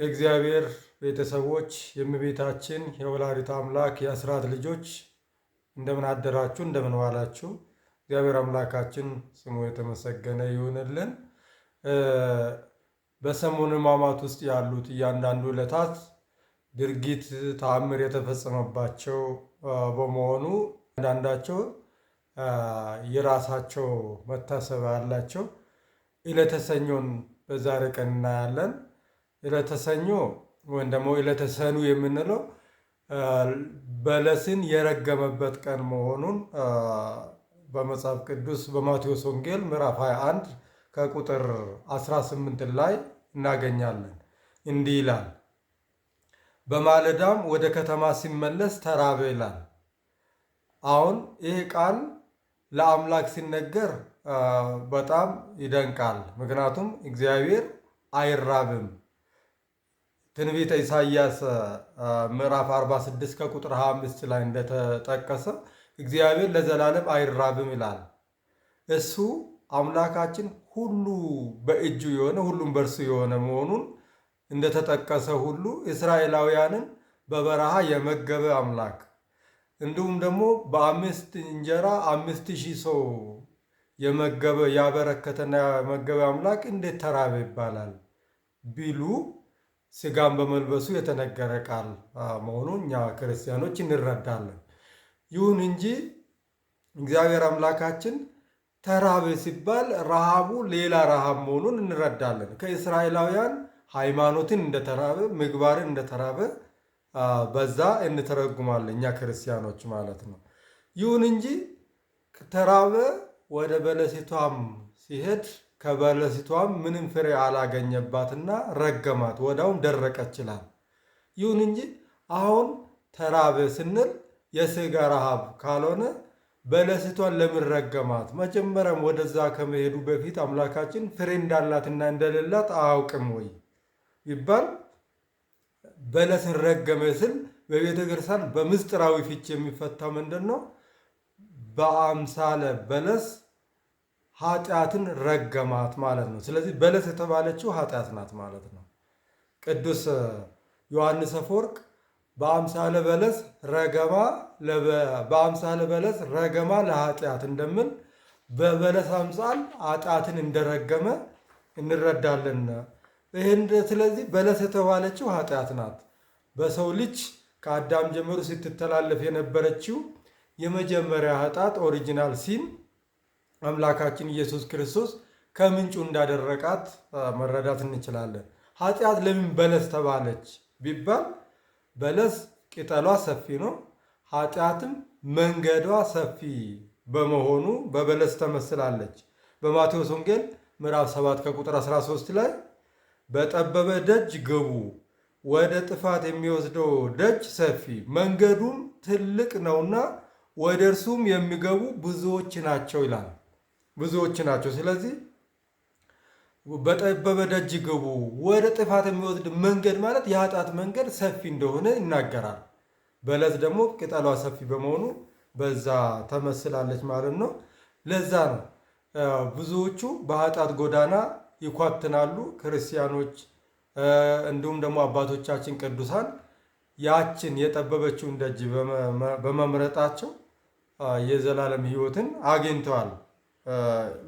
የእግዚአብሔር ቤተሰቦች የእመቤታችን የወላዲተ አምላክ የአስራት ልጆች እንደምን አደራችሁ፣ እንደምን ዋላችሁ። እግዚአብሔር አምላካችን ስሙ የተመሰገነ ይሁንልን። በሰሙነ ሕማማት ውስጥ ያሉት እያንዳንዱ ዕለታት ድርጊት ተአምር የተፈጸመባቸው በመሆኑ አንዳንዳቸው የራሳቸው መታሰቢያ አላቸው። ዕለተ ሰኞን በዛሬ ቀን እናያለን። ዕለተ ሰኞ ወይም ደግሞ ዕለተ ሰኑ የምንለው በለስን የረገመበት ቀን መሆኑን በመጽሐፍ ቅዱስ በማቴዎስ ወንጌል ምዕራፍ 21 ከቁጥር 18 ላይ እናገኛለን። እንዲህ ይላል፣ በማለዳም ወደ ከተማ ሲመለስ ተራበ ይላል። አሁን ይህ ቃል ለአምላክ ሲነገር በጣም ይደንቃል። ምክንያቱም እግዚአብሔር አይራብም ትንቢተ ኢሳይያስ ምዕራፍ 46 ከቁጥር 25 ላይ እንደተጠቀሰ እግዚአብሔር ለዘላለም አይራብም ይላል። እሱ አምላካችን ሁሉ በእጁ የሆነ ሁሉም በእርሱ የሆነ መሆኑን እንደተጠቀሰ ሁሉ እስራኤላውያንን በበረሃ የመገበ አምላክ እንዲሁም ደግሞ በአምስት እንጀራ አምስት ሺህ ሰው የመገበ ያበረከተና የመገበ አምላክ እንዴት ተራበ ይባላል ቢሉ ስጋን በመልበሱ የተነገረ ቃል መሆኑ እኛ ክርስቲያኖች እንረዳለን። ይሁን እንጂ እግዚአብሔር አምላካችን ተራበ ሲባል ረሃቡ ሌላ ረሃብ መሆኑን እንረዳለን። ከእስራኤላውያን ሃይማኖትን እንደተራበ፣ ምግባርን እንደተራበ በዛ እንተረጉማለን እኛ ክርስቲያኖች ማለት ነው። ይሁን እንጂ ተራበ ወደ በለሲቷም ሲሄድ ከበለሲቷም ምንም ፍሬ አላገኘባትና ረገማት፣ ወዳውም ደረቀች ይላል። ይሁን እንጂ አሁን ተራበ ስንል የስጋ ረሃብ ካልሆነ በለሲቷን ለምን ረገማት? መጀመሪያም ወደዛ ከመሄዱ በፊት አምላካችን ፍሬ እንዳላትና እንደሌላት አያውቅም ወይ ይባል በለስን ረገመ ስል በቤተ ክርስቲያን በምስጢራዊ ፍቺ የሚፈታ ምንድን ነው? በአምሳለ በለስ ኃጢአትን ረገማት ማለት ነው። ስለዚህ በለስ የተባለችው ኃጢአት ናት ማለት ነው። ቅዱስ ዮሐንስ አፈወርቅ በአምሳለ በለስ ረገማ በአምሳለ በለስ ረገማ ለኃጢአት እንደምን በበለስ አምሳል ኃጢአትን እንደረገመ እንረዳለን። ይህን ስለዚህ በለስ የተባለችው ኃጢአት ናት። በሰው ልጅ ከአዳም ጀምሮ ስትተላለፍ የነበረችው የመጀመሪያ ኃጢአት ኦሪጂናል ሲን አምላካችን ኢየሱስ ክርስቶስ ከምንጩ እንዳደረቃት መረዳት እንችላለን። ኃጢአት ለምን በለስ ተባለች ቢባል በለስ ቅጠሏ ሰፊ ነው፣ ኃጢአትም መንገዷ ሰፊ በመሆኑ በበለስ ተመስላለች። በማቴዎስ ወንጌል ምዕራፍ 7 ከቁጥር 13 ላይ በጠበበ ደጅ ግቡ፣ ወደ ጥፋት የሚወስደው ደጅ ሰፊ መንገዱም ትልቅ ነውና ወደ እርሱም የሚገቡ ብዙዎች ናቸው ይላል። ብዙዎች ናቸው። ስለዚህ በጠበበ ደጅ ግቡ፣ ወደ ጥፋት የሚወስድ መንገድ ማለት የኃጢአት መንገድ ሰፊ እንደሆነ ይናገራል። በለስ ደግሞ ቅጠሏ ሰፊ በመሆኑ በዛ ተመስላለች ማለት ነው። ለዛ ነው ብዙዎቹ በኃጢአት ጎዳና ይኳትናሉ። ክርስቲያኖች እንዲሁም ደግሞ አባቶቻችን ቅዱሳን ያችን የጠበበችውን ደጅ በመምረጣቸው የዘላለም ሕይወትን አግኝተዋል።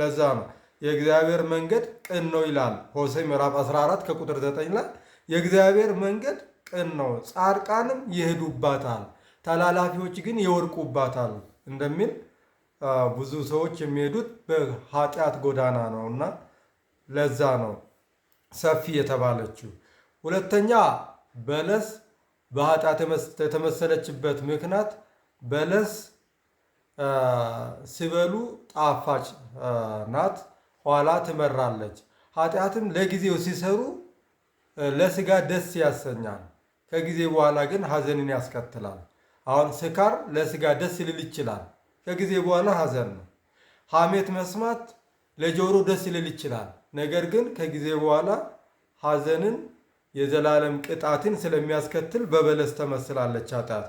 ለዛ ነው የእግዚአብሔር መንገድ ቅን ነው ይላል ሆሴዕ ምዕራፍ 14 ከቁጥር 9 ላይ የእግዚአብሔር መንገድ ቅን ነው፣ ጻድቃንም ይሄዱባታል፣ ተላላፊዎች ግን ይወድቁባታል እንደሚል ብዙ ሰዎች የሚሄዱት በኃጢአት ጎዳና ነው እና ለዛ ነው ሰፊ የተባለችው። ሁለተኛ በለስ በኃጢአት የተመሰለችበት ምክንያት በለስ ሲበሉ ጣፋጭ ናት፣ ኋላ ትመራለች። ኃጢአትም ለጊዜው ሲሰሩ ለስጋ ደስ ያሰኛል፣ ከጊዜ በኋላ ግን ሐዘንን ያስከትላል። አሁን ስካር ለስጋ ደስ ሊል ይችላል፣ ከጊዜ በኋላ ሐዘን ነው። ሐሜት መስማት ለጆሮ ደስ ሊል ይችላል፣ ነገር ግን ከጊዜ በኋላ ሐዘንን የዘላለም ቅጣትን ስለሚያስከትል በበለስ ተመስላለች ኃጢአት።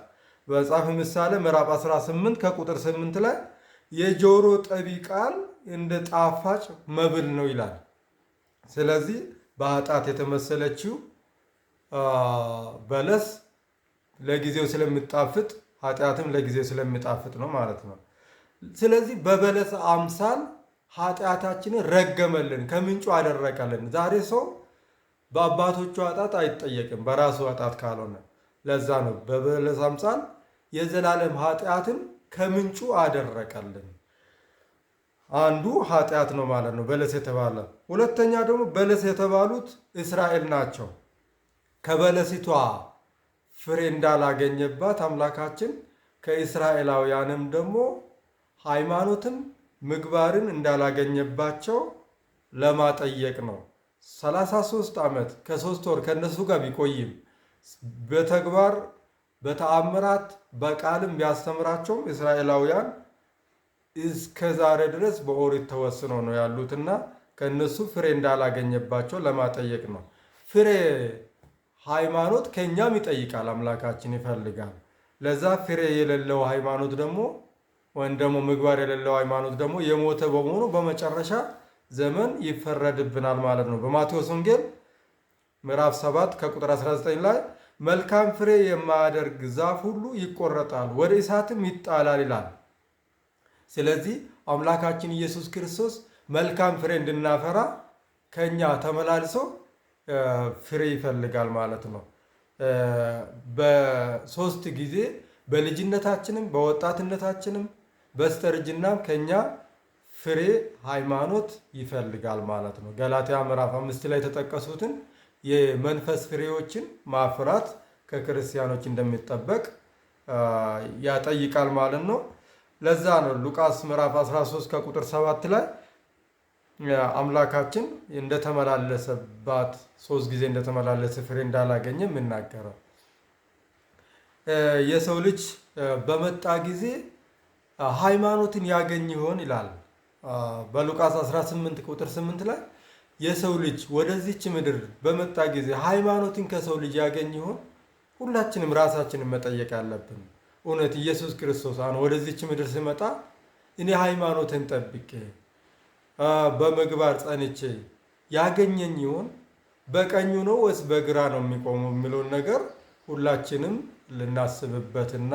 በመጽሐፈ ምሳሌ ምዕራፍ 18 ከቁጥር 8 ላይ የጆሮ ጠቢ ቃል እንደ ጣፋጭ መብል ነው ይላል። ስለዚህ በኃጢአት የተመሰለችው በለስ ለጊዜው ስለሚጣፍጥ ኃጢአትም ለጊዜው ስለሚጣፍጥ ነው ማለት ነው። ስለዚህ በበለስ አምሳል ኃጢአታችንን ረገመልን፣ ከምንጩ አደረቀልን። ዛሬ ሰው በአባቶቹ ኃጢአት አይጠየቅም በራሱ ኃጢአት ካልሆነ። ለዛ ነው በበለስ አምሳል የዘላለም ኃጢአትን ከምንጩ አደረቀልን። አንዱ ኃጢአት ነው ማለት ነው በለስ የተባለ። ሁለተኛ ደግሞ በለስ የተባሉት እስራኤል ናቸው። ከበለሲቷ ፍሬ እንዳላገኘባት አምላካችን ከእስራኤላውያንም ደግሞ ሃይማኖትን፣ ምግባርን እንዳላገኘባቸው ለማጠየቅ ነው። 33 ዓመት ከሶስት ወር ከእነሱ ጋር ቢቆይም በተግባር በተአምራት በቃልም ቢያስተምራቸውም እስራኤላውያን እስከ ዛሬ ድረስ በኦሪት ተወስኖ ነው ያሉትና ከእነሱ ፍሬ እንዳላገኘባቸው ለማጠየቅ ነው። ፍሬ ሃይማኖት ከእኛም ይጠይቃል፣ አምላካችን ይፈልጋል። ለዛ ፍሬ የሌለው ሃይማኖት ደግሞ ወይም ደግሞ ምግባር የሌለው ሃይማኖት ደግሞ የሞተ በመሆኑ በመጨረሻ ዘመን ይፈረድብናል ማለት ነው። በማቴዎስ ወንጌል ምዕራፍ 7 ከቁጥር 19 ላይ መልካም ፍሬ የማያደርግ ዛፍ ሁሉ ይቆረጣል፣ ወደ እሳትም ይጣላል ይላል። ስለዚህ አምላካችን ኢየሱስ ክርስቶስ መልካም ፍሬ እንድናፈራ ከኛ ተመላልሶ ፍሬ ይፈልጋል ማለት ነው። በሶስት ጊዜ በልጅነታችንም በወጣትነታችንም በስተርጅናም ከኛ ፍሬ ሃይማኖት ይፈልጋል ማለት ነው። ገላትያ ምዕራፍ አምስት ላይ የተጠቀሱትን የመንፈስ ፍሬዎችን ማፍራት ከክርስቲያኖች እንደሚጠበቅ ያጠይቃል ማለት ነው። ለዛ ነው ሉቃስ ምዕራፍ 13 ከቁጥር 7 ላይ አምላካችን እንደተመላለሰባት ሶስት ጊዜ እንደተመላለሰ ፍሬ እንዳላገኘ የምናገረው። የሰው ልጅ በመጣ ጊዜ ሃይማኖትን ያገኝ ይሆን ይላል በሉቃስ 18 ቁጥር 8 ላይ የሰው ልጅ ወደዚች ምድር በመጣ ጊዜ ሃይማኖትን ከሰው ልጅ ያገኝ ይሆን? ሁላችንም ራሳችንን መጠየቅ አለብን። እውነት ኢየሱስ ክርስቶስ አሁን ወደዚች ምድር ስመጣ እኔ ሃይማኖትን ጠብቄ በምግባር ጸንቼ ያገኘኝ ይሆን? በቀኙ ነው ወይስ በግራ ነው የሚቆመው የሚለውን ነገር ሁላችንም ልናስብበትና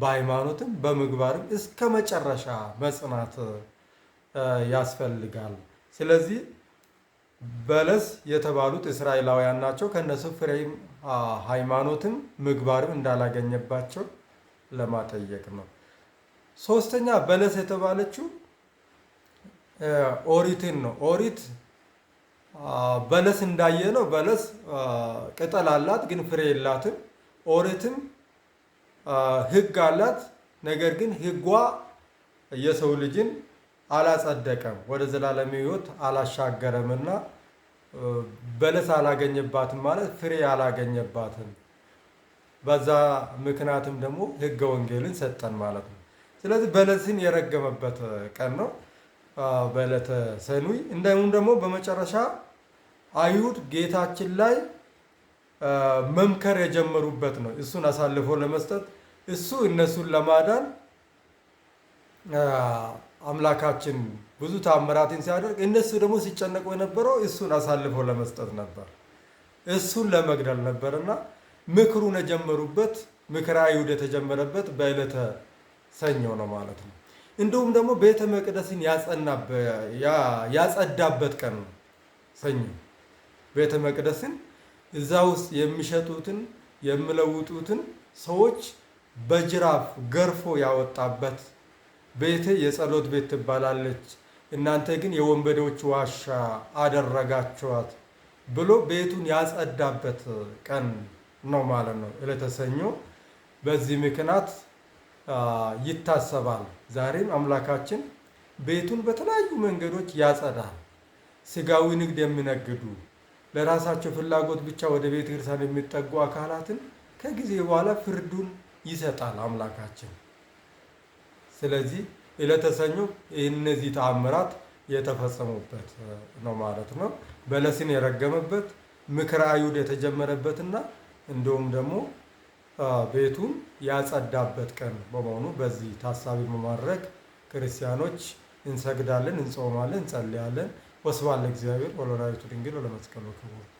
በሃይማኖትም በምግባርም እስከ መጨረሻ መጽናት ያስፈልጋል። ስለዚህ በለስ የተባሉት እስራኤላውያን ናቸው። ከእነሱ ፍሬም ሃይማኖትም ምግባርም እንዳላገኘባቸው ለማጠየቅ ነው። ሶስተኛ በለስ የተባለችው ኦሪትን ነው። ኦሪት በለስ እንዳየ ነው። በለስ ቅጠል አላት ግን ፍሬ የላትም። ኦሪትም ሕግ አላት ነገር ግን ሕጓ የሰው ልጅን አላጸደቀም፣ ወደ ዘላለም ሕይወት አላሻገረምና በለስ አላገኘባትም ማለት ፍሬ አላገኘባትም። በዛ ምክንያትም ደግሞ ሕገ ወንጌልን ሰጠን ማለት ነው። ስለዚህ በለስን የረገመበት ቀን ነው በዕለተ ሰኑይ። እንዲሁም ደግሞ በመጨረሻ አይሁድ ጌታችን ላይ መምከር የጀመሩበት ነው። እሱን አሳልፎ ለመስጠት እሱ እነሱን ለማዳን አምላካችን ብዙ ታምራትን ሲያደርግ እነሱ ደግሞ ሲጨነቁ የነበረው እሱን አሳልፈው ለመስጠት ነበር፣ እሱን ለመግደል ነበር እና ምክሩን የጀመሩበት ምክረ አይሁድ የተጀመረበት በዕለተ ሰኞ ነው ማለት ነው። እንዲሁም ደግሞ ቤተ መቅደስን ያጸዳበት ቀን ነው ሰኞ። ቤተ መቅደስን እዛ ውስጥ የሚሸጡትን የሚለውጡትን ሰዎች በጅራፍ ገርፎ ያወጣበት ቤቴ የጸሎት ቤት ትባላለች፣ እናንተ ግን የወንበዴዎች ዋሻ አደረጋችኋት ብሎ ቤቱን ያጸዳበት ቀን ነው ማለት ነው ዕለተ ሰኞ። በዚህ ምክንያት ይታሰባል። ዛሬም አምላካችን ቤቱን በተለያዩ መንገዶች ያጸዳል። ስጋዊ ንግድ የሚነግዱ ለራሳቸው ፍላጎት ብቻ ወደ ቤተ ክርስቲያን የሚጠጉ አካላትን ከጊዜ በኋላ ፍርዱን ይሰጣል አምላካችን። ስለዚህ ዕለተሰኞ እነዚህ ተአምራት የተፈጸሙበት ነው ማለት ነው። በለስን የረገመበት ምክረ አይሁድ የተጀመረበትና እንዲሁም ደግሞ ቤቱን ያጸዳበት ቀን በመሆኑ በዚህ ታሳቢ በማድረግ ክርስቲያኖች እንሰግዳለን፣ እንጾማለን፣ እንጸልያለን። ወስብሐት ለእግዚአብሔር ወለወላዲቱ ድንግል ወለመስቀሉ ክቡር